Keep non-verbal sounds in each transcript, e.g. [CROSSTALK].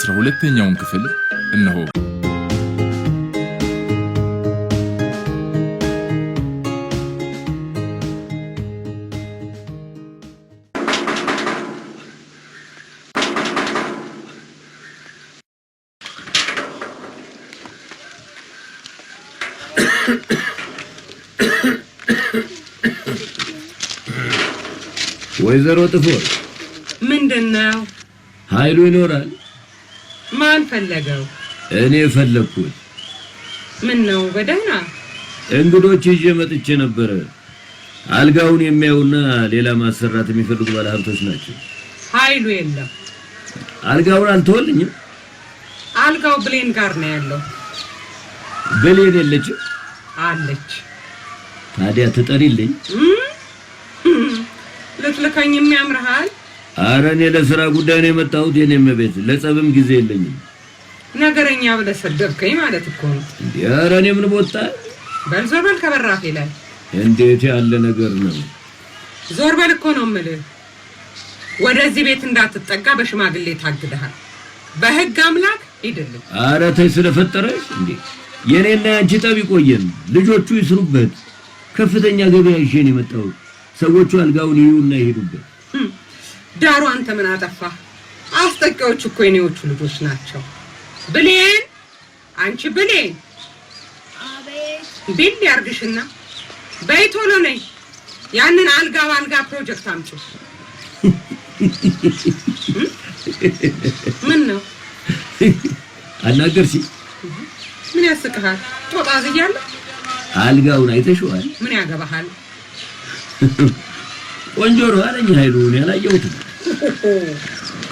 አስራ ሁለተኛውን ክፍል እነሆ። ወይዘሮ ጥፎር ምንድን ነው? ኃይሉ ይኖራል ማን ፈለገው? እኔ ፈለግኩት። ምን ነው? በደህና እንግዶች ይዤ መጥቼ ነበረ። አልጋውን የሚያዩና ሌላ ማሰራት የሚፈልጉ ባለሀብቶች ናቸው። ኃይሉ የለም። አልጋውን አልተወልኝም። አልጋው ብሌን ጋር ነው ያለው። ብሌን የለችም? አለች። ታዲያ ትጠሪልኝ። ልትልከኝ የሚያምርሃል አረ እኔ ለስራ ጉዳይ ነው የመጣሁት። የኔ መቤት ለጸብም ጊዜ የለኝም። ነገረኛ ብለህ ሰደብከኝ ማለት እኮ ነው። አረ እኔ ምን ቦታ በል ዞር በል ይላል። እንዴት ያለ ነገር ነው? ዞር በል እኮ ነው የምልህ። ወደዚህ ቤት እንዳትጠጋ በሽማግሌ ታግደሃል። በህግ አምላክ ሂድልኝ። አረ ተይ ስለፈጠረሽ እንዴ! የኔና ያንቺ ጠብ ይቆየን፣ ልጆቹ ይስሩበት። ከፍተኛ ገበያ ይዤ ነው የመጣሁት። ሰዎቹ አልጋውን ይዩና ይሄዱበት። ዳሩ አንተ ምን አጠፋ? አስጠቂዎች እኮ የኔዎቹ ልጆች ናቸው። ብሌን፣ አንቺ ብሌን፣ ቢል ያርግሽና በይ ቶሎ ነይ። ያንን አልጋ በአልጋ ፕሮጀክት አምጪ። ምን ነው አናገርሽ? ምን ያስቅሃል? ጦጣ ዝያለሁ። አልጋውን አይተሽዋል? ምን ያገባሃል? ቆንጆ ነው አለኝ ኃይሉ። እኔ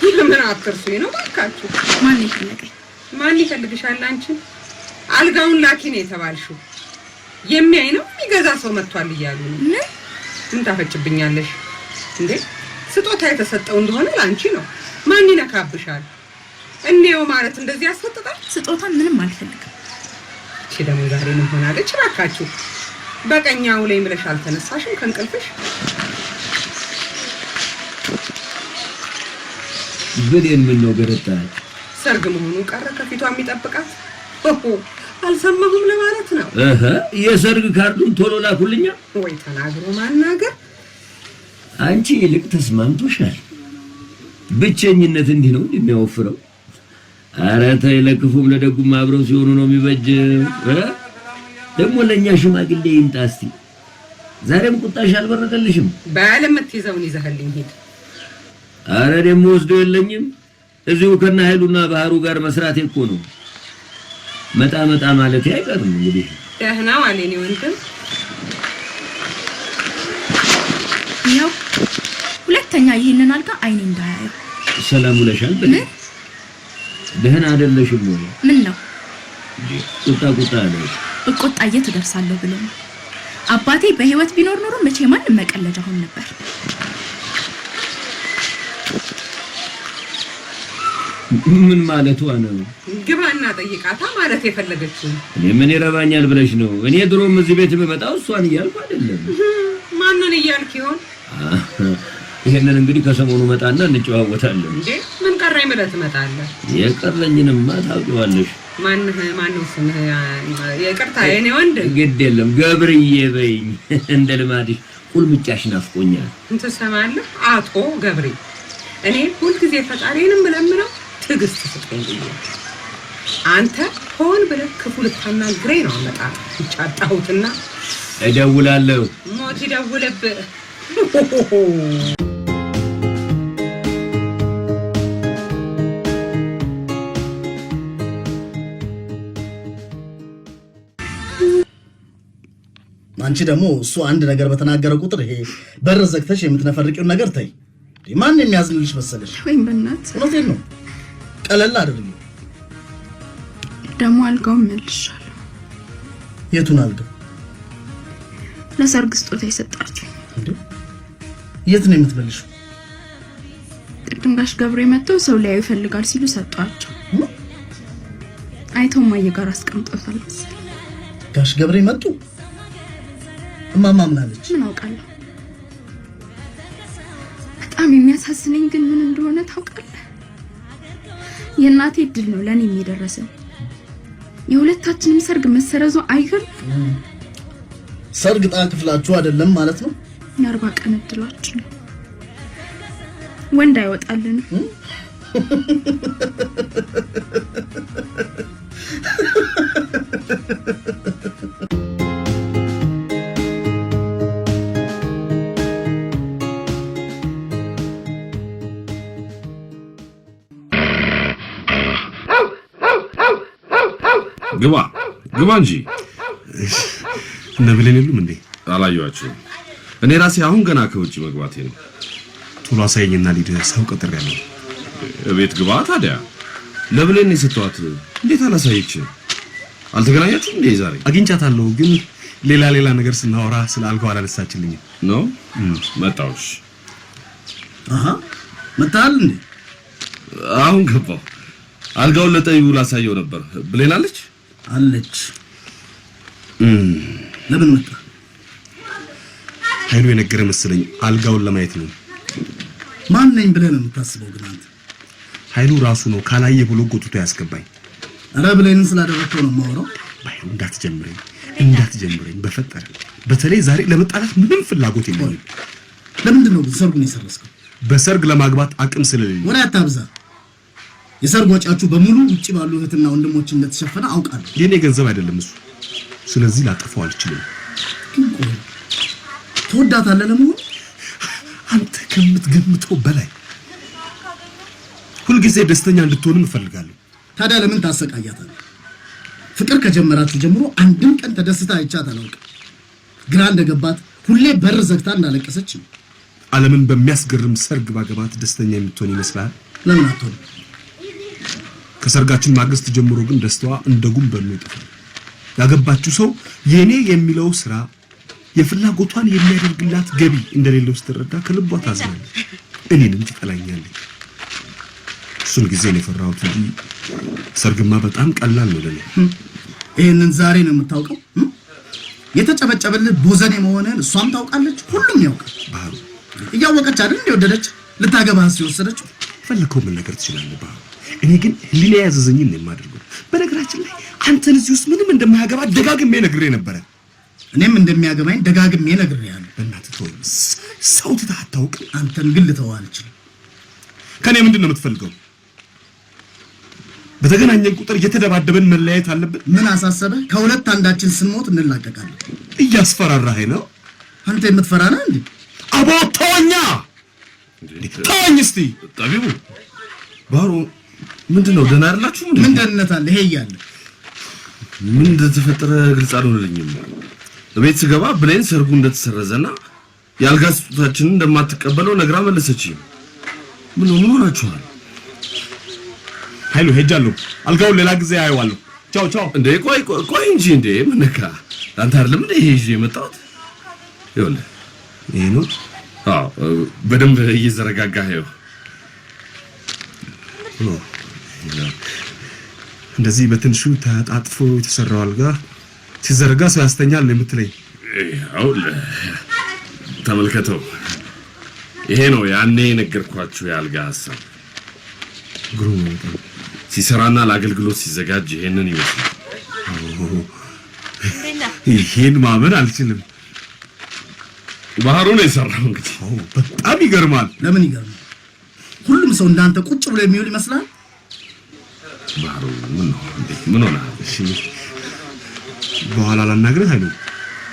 ይልምን አትርሱኝ ነው ባካችሁ። ማን ይፈልጋል? ማን ይፈልግሻል? አንቺ አልጋውን ላኪ ነው የተባልሽው። የሚያይ ነው የሚገዛ ሰው መጥቷል እያሉ ነው። ምን ታፈጭብኛለሽ እንዴ? ስጦታ የተሰጠው እንደሆነ ለአንቺ ነው። ማን ይነካብሻል? እኔው ማለት እንደዚህ ያስፈጥጣል። ስጦታ ምንም አልፈልግም። እቺ ደግሞ ዛሬ ምን ሆናለች? እባካችሁ በቀኛው ላይ ብለሽ አልተነሳሽም ከእንቅልፍሽ ብሌን የምን ነው ገረጣች? ሰርግ መሆኑ ቀረ ከፊቷ የሚጠብቃት አልሰማሁም ለማለት ነው። እህ የሰርግ ካርዱን ቶሎ ላኩልኛ። ወይ ተናግሮ ማናገር። አንቺ ይልቅ ተስማምቶሻል። ብቸኝነት እንዲህ ነው የሚያወፍረው። ኧረ ተይ፣ ለክፉም ለደጉም አብረው ሲሆኑ ነው የሚበጅ። ደግሞ ለእኛ ሽማግሌ ይምጣ እስቲ። ዛሬም ቁጣሽ አልበረደልሽም። ባል የምትይዘውን ይዘህልኝ ሂድ። አረ ደግሞ ወስዶ የለኝም እዚሁ ከነ ኃይሉና ባህሩ ጋር መስራት እኮ ነው። መጣ መጣ ማለት አይቀርም እንግዲህ ደህና ማለት ነው ወንድም። ያው ሁለተኛ ይህንን አልጋ አይኔ እንዳያየው። ሰላም ውለሻል? በል ደህና አይደለሽም ወይ? ምን ነው ቁጣ ቁጣ አለ? እቆጣ እየተደርሳለሁ ብሎ አባቴ። በህይወት ቢኖር ኖሮ መቼ ማንም መቀለጃ ሆን ነበር። ምን ማለቷ ነው? ግባና ጠይቃታ ማለት የፈለገችው። እኔ ምን ይረባኛል ብለሽ ነው? እኔ ድሮም እዚህ ቤት ብመጣው እሷን እያልኩ አይደለም። ማንን እያልክ ይሆን? [LAUGHS] ይሄንን እንግዲህ ከሰሞኑ መጣና እንጨዋወታለን። እንዴ ምን ቀረኝ ብለህ ትመጣለህ? የቀረኝንማ ታውቂዋለሽ። ማንህ ማነው ስምህ? ይቅርታ የኔ ወንድ። ግድ የለም ገብርዬ በይኝ [LAUGHS] እንደ ልማድሽ። ቁልምጫሽ ናፍቆኛል። ትሰማለህ አቶ ገብሬ፣ እኔ ሁልጊዜ ፈጣሪንም እለምነው ትዕግስት ስጠኝ ብዬ አንተ ሆን ብለህ ክፉ ልታናግረኝ ነው አመጣ ይጫጣሁትና እደውላለሁ። ሞት ይደውልብህ። አንቺ ደግሞ እሱ አንድ ነገር በተናገረ ቁጥር ይሄ በር ዘግተሽ የምትነፈርቂውን ነገር ተይ። ማን የሚያዝንልሽ መሰለሽ? ወይም በእናትህ እውነቴን ነው ቀለል አድርጊ። ደግሞ አልጋው መልሻል። የቱን አልጋ? ለሰርግ ስጦታ የሰጣችሁ። የት ነው የምትመልሹ ቅድም ጋሽ ገብሬ መጥተው ሰው ላይ ይፈልጋል ሲሉ ሰጧቸው። አይተው ማየ ጋር አስቀምጠውታል መሰለኝ። ጋሽ ገብሬ መጡ? እማማ ምን አለች? ምን አውቃለሁ። በጣም የሚያሳዝነኝ ግን ምን እንደሆነ ታውቃለህ? የእናቴ እድል ነው ለኔ የሚደረሰው። የሁለታችንም ሰርግ መሰረዙ አይገርም? ሰርግ ዕጣ ክፍላችሁ አይደለም ማለት ነው። የአርባ ቀን እድላችሁ ነው። ወንድ አይወጣልን። ግባ ግባ እንጂ እነ ብሌን የሉም እንዴ? አላየኋቸውም። እኔ ራሴ አሁን ገና ከውጭ መግባቴ ነው። ቶሎ አሳየኝና ሊድ ሰው ቀጥር ያለው እቤት ግባ። ታዲያ ለብሌን የሰጠኋት እንዴት አላሳየች? አልተገናኛችሁ እንዴ? ዛሬ አግኝቻታለሁ፣ ግን ሌላ ሌላ ነገር ስናወራ ስለ አልጋው አላነሳችልኝም። ነው መጣሁሽ። አሃ መጣል እንዴ? አሁን ገባሁ። አልጋውን ለጠዩ ላሳየው ነበር። ብሌን አለች አለች። ለምን መጣ? ኃይሉ የነገረ መሰለኝ አልጋውን ለማየት ነው። ማን ነኝ ብለህ ነው የምታስበው? ግን አንተ ኃይሉ ራሱ ነው ካላየ ብሎ ጎትቶ ያስገባኝ። አረ ብለህን ስላደረከው ነው የማወራው። ባይሉ እንዳትጀምረኝ፣ እንዳትጀምረኝ በፈጠረ በተለይ ዛሬ ለመጣላት ምንም ፍላጎት የለኝም። ለምንድን ነው ሰርጉን የሰረስከው? በሰርግ ለማግባት አቅም ስለሌለኝ ወሬ አታብዛ። የሰርግ ወጪያችሁ በሙሉ ውጪ ባሉ እህትና ወንድሞች እንደተሸፈነ አውቃለሁ። የኔ ገንዘብ አይደለም እሱ። ስለዚህ ላጠፋው አልችልም። ትወዳታለህ ለመሆን? አንተ ከምትገምተው በላይ ሁልጊዜ ደስተኛ እንድትሆንም እፈልጋለሁ። ታዲያ ለምን ታሰቃያታለህ? ፍቅር ከጀመራችሁ ጀምሮ አንድም ቀን ተደስታ አይቻት አላውቅም። ግራ እንደገባት ሁሌ በር ዘግታ እንዳለቀሰች ነው። ዓለምን በሚያስገርም ሰርግ ባገባት ደስተኛ የምትሆን ይመስላል? ለምን አትሆንም? ከሰርጋችን ማግስት ጀምሮ ግን ደስታዋ እንደ ጉም በኖ ይጠፋል። ያገባችው ሰው የኔ የሚለው ስራ የፍላጎቷን የሚያደርግላት ገቢ እንደሌለው ስትረዳ ከልቧ ታዝናለች፣ እኔንም ትጠላኛለች። እሱን ጊዜ ነው የፈራሁት እንጂ ሰርግማ በጣም ቀላል ነው ለኔ። ይህንን ዛሬ ነው የምታውቀው። የተጨበጨበልህ ቦዘኔ መሆንህን እሷም ታውቃለች፣ ሁሉም ያውቃል። ባህሩ እያወቀች አይደል እንደወደደች ልታገባህ ሲወሰደችው። ፈልከው ምን ነገር ትችላለህ ባህሩ እኔ ግን ህሊና ያዘዘኝን ነው የማደርገው። በነገራችን ላይ አንተን እዚህ ውስጥ ምንም እንደማያገባ ደጋግሜ ነግሬ ነበረ። እኔም እንደሚያገባኝ ደጋግሜ ነግሬሃለሁ። በእናትህ ተወኝ። ሰው ትተህ አታውቅም። አንተን ግን ልተው አልችልም። ከእኔ ምንድን ነው የምትፈልገው? በተገናኘን ቁጥር እየተደባደበን መለያየት አለብን? ምን አሳሰበ? ከሁለት አንዳችን ስንሞት እንላቀቃለን። እያስፈራራህ ነው አንተ። የምትፈራና እንዴ? አቦ ተወኛ፣ ተወኝ እስቲ። ጠቢቡ ባሮ ምንድን ነው? ደህና አይደላችሁ? ምን ደህንነት አለ? ይሄ እያለ ምን እንደተፈጠረ ግልጽ አልሆነልኝም። ቤት ስገባ ብሌን ሰርጉ እንደተሰረዘና የአልጋ ስጦታችንን እንደማትቀበለው ነግራ መለሰችኝ። ምን ነው ሆናችኋል? ኃይሉ ሄጃለሁ። አልጋውን ሌላ ጊዜ አየዋለሁ። ቻው ቻው። እንዴ ቆይ ቆይ እንጂ እንዴ ምን ነካ? አንተ አይደለም እንዴ ይሄ ይዤ የመጣሁት? ይኸውልህ ይሄ ነው። አዎ በደንብ እየዘረጋጋ ነው እንደዚህ በትንሹ ተጣጥፎ የተሰራው አልጋ ሲዘረጋ ሰው ያስተኛል ነው የምትለኝ? ተመልከተው። ይሄ ነው ያኔ የነገርኳችሁ የአልጋ ሀሳብ። ግሩም ሲሰራና ለአገልግሎት ሲዘጋጅ ይሄንን ይመስላል። ይሄን ማመን አልችልም። ባህሩ ነው የሰራው። እንግዲህ በጣም ይገርማል። ለምን ይገርማል? ሁሉም ሰው እንዳንተ ቁጭ ብሎ የሚውል ይመስላል። ባህሩ ምን ነው ምን ሆነ? እሺ በኋላ ላናግርህ አይደል?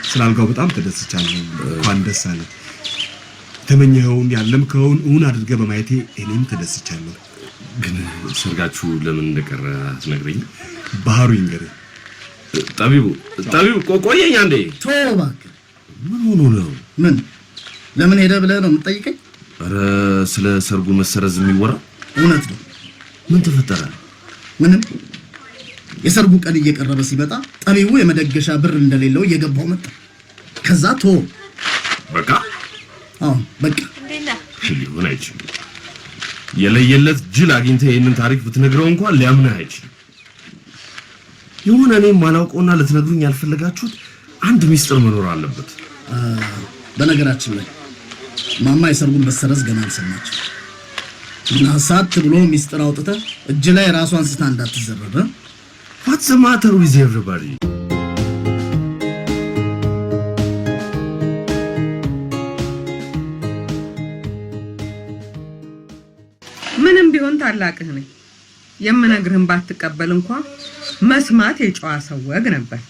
ስላልጋው በጣም ተደስቻለሁ። እንኳን ደስ አለ። የተመኘኸውን ያለምከውን እውን አድርገህ በማየቴ እኔም ተደስቻለሁ። ግን ሰርጋችሁ ለምን እንደቀረ አትነግረኝ? ባህሩ ይንገር ጠቢቡ ጠቢቡ ቆቆየኝ አንዴ። ተው እባክህ። ምን ሆኖ ነው? ምን ለምን ሄደ ብለህ ነው የምትጠይቀኝ? ኧረ ስለ ሰርጉ መሰረዝ የሚወራ እውነት ነው። ምን ተፈጠረ? ምንም የሰርጉ ቀን እየቀረበ ሲመጣ ጠቢቡ የመደገሻ ብር እንደሌለው እየገባው መጣ። ከዛ ቶ በቃ አዎ በቃ ሊሆን አይችልም። የለየለት ጅል አግኝተህ ይህንን ታሪክ ብትነግረው እንኳን ሊያምንህ አይችልም። የሆነ እኔም ማላውቀውና ልትነግሩኝ ያልፈለጋችሁት አንድ ሚስጥር መኖር አለበት። በነገራችን ላይ ማማ የሰርጉን በሰረዝ ገና አልሰማችም። ሳት ብሎ ሚስጥር አውጥተ እጅ ላይ ራሱ አንስታ እንዳትዘረበ ዋትስ ማተር ዊዝ ኤቭሪባዲ ምንም ቢሆን ታላቅህ ነኝ። የምነግርህን ባትቀበል እንኳ መስማት የጨዋ ሰው ወግ ነበር።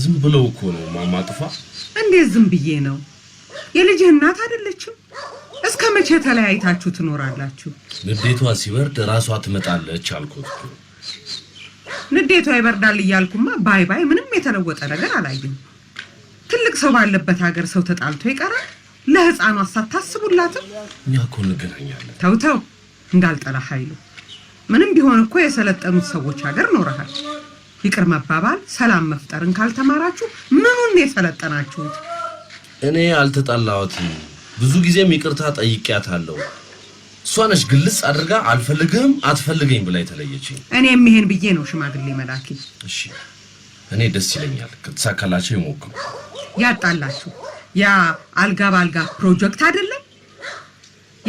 ዝም ብለው እኮ ነው ማማጥፋ። እንዴት ዝም ብዬ ነው? የልጅህ እናት አይደለችም? እስከ መቼ ተለያይታችሁ ትኖራላችሁ? ንዴቷ ሲበርድ ራሷ ትመጣለች አልኩት። ንዴቷ ይበርዳል እያልኩማ ባይ ባይ ምንም የተለወጠ ነገር አላየም። ትልቅ ሰው ባለበት ሀገር ሰው ተጣልቶ ይቀራል? ለህፃኗ ሳታስቡላትም እኛ እኮ እንገናኛለን። ተውተው እንዳልጠላ ኃይሉ ምንም ቢሆን እኮ የሰለጠኑት ሰዎች ሀገር ኖረሃል። ይቅር መባባል ሰላም መፍጠርን ካልተማራችሁ ምኑን የሰለጠናችሁት? እኔ አልተጣላሁትም ብዙ ጊዜም ይቅርታ ጠይቄያታለሁ። እሷ ነች ግልጽ አድርጋ አልፈልግህም፣ አትፈልገኝ ብላ የተለየችኝ። እኔም ይሄን ብዬ ነው ሽማግሌ መላኪ። እሺ እኔ ደስ ይለኛል፣ ከተሳካላቸው ይሞክሩ። ያጣላችሁ ያ አልጋ ባልጋ ፕሮጀክት አይደለም።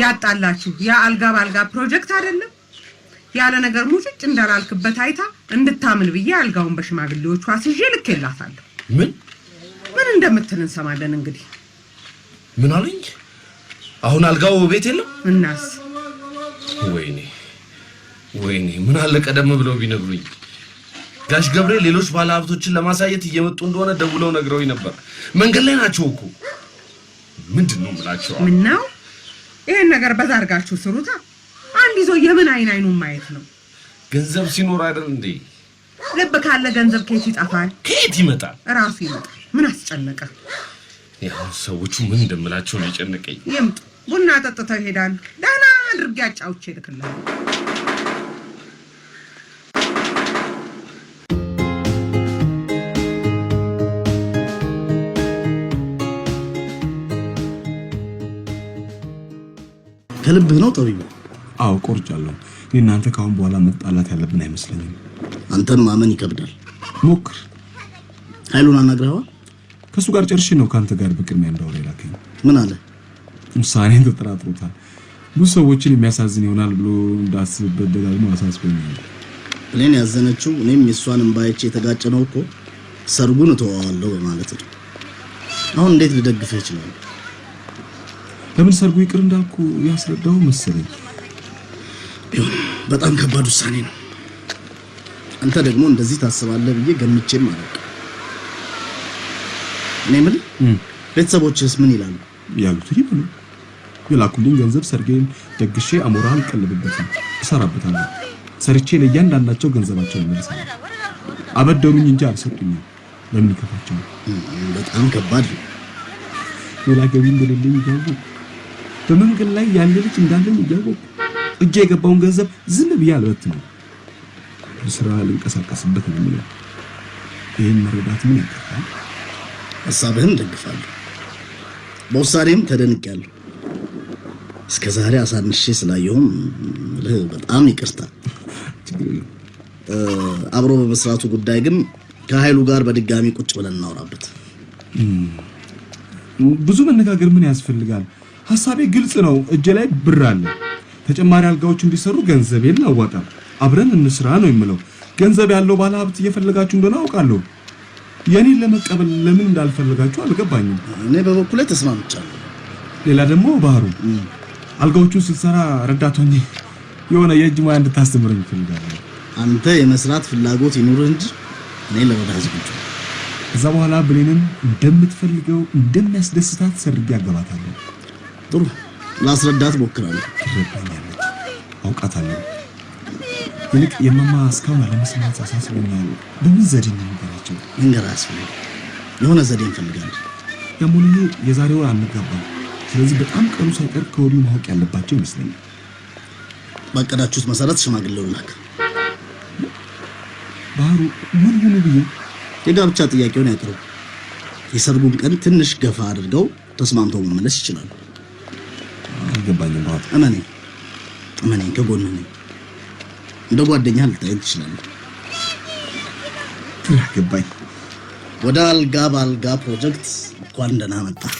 ያጣላችሁ ያ አልጋ ባልጋ ፕሮጀክት አይደለም። ያለ ነገር ሙጭጭ እንዳላልክበት አይታ እንድታምን ብዬ አልጋውን በሽማግሌዎቹ ልክ ልኬላታለሁ። ምን ምን እንደምትል እንሰማለን እንግዲህ ምን አሉኝ? አሁን አልጋው ቤት የለም እናስ? ወይኔ ወይኔ፣ ምን አለ ቀደም ብለው ቢነግሩኝ። ጋሽ ገብሬ ሌሎች ባለሀብቶችን ለማሳየት እየመጡ እንደሆነ ደውለው ነግረውኝ ነበር። መንገድ ላይ ናቸው እኮ። ምንድን ነው ምን ነው ይሄን ነገር በዛ አድርጋችሁ ስሩታ። አንድ ይዞ የምን አይን አይኑን ማየት ነው? ገንዘብ ሲኖር አይደል እንዴ? ልብ ካለ ገንዘብ ከየት ይጠፋል? ከየት ይመጣል? ራሱ ይመጣል። ምን አስጨነቀ? ያው ሰዎቹ ምን እንደምላቸው ነው የጨነቀኝ። ይምጡ፣ ቡና ጠጥተው ይሄዳሉ። ደህና አድርጌ አጫውቼ ልክልሃል። ከልብህ ነው ጠቢቡ? አዎ ቆርጫለሁ። እናንተ ካሁን በኋላ መጣላት ያለብን አይመስለኝም። አንተን ማመን ይከብዳል። ሞክር። ኃይሉን አናግረኸዋል? ከእሱ ጋር ጨርሼ ነው ከአንተ ጋር በቅድሚያ እንዳወራ የላከኝ። ምን አለ? ውሳኔን ተጠራጥሮታል። ብዙ ሰዎችን የሚያሳዝን ይሆናል ብሎ እንዳስብበት ደጋግሞ አሳስቦኛል። እኔን ያዘነችው እኔም የእሷን እምባይቼ የተጋጨ ነው እኮ ሰርጉን እተዋዋለሁ በማለት ነው። አሁን እንዴት ልደግፈ ይችላል? ለምን ሰርጉ ይቅር እንዳልኩ ያስረዳው መሰለኝ። በጣም ከባድ ውሳኔ ነው። አንተ ደግሞ እንደዚህ ታስባለህ ብዬ ገምቼም አላውቅም። እኔ ቤተሰቦችስ ምን ይላሉ? ያሉትን ይበሉ። የላኩልኝ ገንዘብ ሰርጌን ደግሼ አሞራን ቀልብበት እሰራበታለሁ። ሰርቼ ለእያንዳንዳቸው ገንዘባቸውን እመልሳለሁ። አበደሩኝ እንጂ አልሰጡኝም። ለምን ይከፋቸው? በጣም ከባድ ነው። ሌላ ገቢ እንደሌለኝ እያወቅሁ በመንገድ ላይ ያለ ልጅ እንዳለን እያወቅሁ እጄ የገባውን ገንዘብ ዝም ብዬ ነው ስራ ልንቀሳቀስበት ነው የሚለው ይህን መረዳት ምን ያቀፋል? ሀሳብህን ደግፋለሁ። በውሳኔም ተደንቄያለሁ። እስከ ዛሬ አሳንሼ ስላየሁም በጣም ይቅርታ። አብሮ በመስራቱ ጉዳይ ግን ከኃይሉ ጋር በድጋሚ ቁጭ ብለን እናውራበት። ብዙ መነጋገር ምን ያስፈልጋል? ሀሳቤ ግልጽ ነው። እጄ ላይ ብር አለ። ተጨማሪ አልጋዎች እንዲሰሩ ገንዘቤን ላዋጣ፣ አብረን እንስራ ነው የምለው። ገንዘብ ያለው ባለሀብት እየፈለጋችሁ እንደሆነ አውቃለሁ የኔን ለመቀበል ለምን እንዳልፈለጋችሁ አልገባኝም። እኔ በበኩሌ ተስማምቻለሁ። ሌላ ደግሞ ባህሩ አልጋዎቹን ስንሰራ ረዳት ሆኜ የሆነ የእጅ ሙያ እንድታስተምረኝ እፈልጋለሁ። አንተ የመስራት ፍላጎት ይኑርህ እንጂ እኔ ለመዳህ ዝግጁ። ከዛ በኋላ ብሌንም እንደምትፈልገው እንደሚያስደስታት ሰርጌ ያገባታለሁ። ጥሩ ላስረዳት ሞክራለሁ። ትረዳኛለች፣ አውቃታለሁ። ይልቅ የማማ እስካሁን አለመስማት አሳስቦኛል። በምን ዘዴ ነው ነገራቸው? መንገር አያስፈልግም። የሆነ ዘዴ እንፈልጋለን። ያሞኑ የዛሬው አንገባም። ስለዚህ በጣም ቀኑ ሳይቀር ከወዲሁ ማወቅ ያለባቸው ይመስለኛል። ባቀዳችሁት መሰረት ሽማግሌው ላክ። ባህሩ ምን ሆኑ ብዬ የጋብቻ ጥያቄውን ያቅርቡ። የሰርጉን ቀን ትንሽ ገፋ አድርገው ተስማምተው መመለስ ይችላሉ። አልገባኝም። እመኔ እመኔ ከጎንህ ነኝ እንደ ጓደኛ ልታየን ትችላለህ። ገባኝ። ወደ አልጋ በአልጋ ፕሮጀክት እንኳን ደህና መጣ።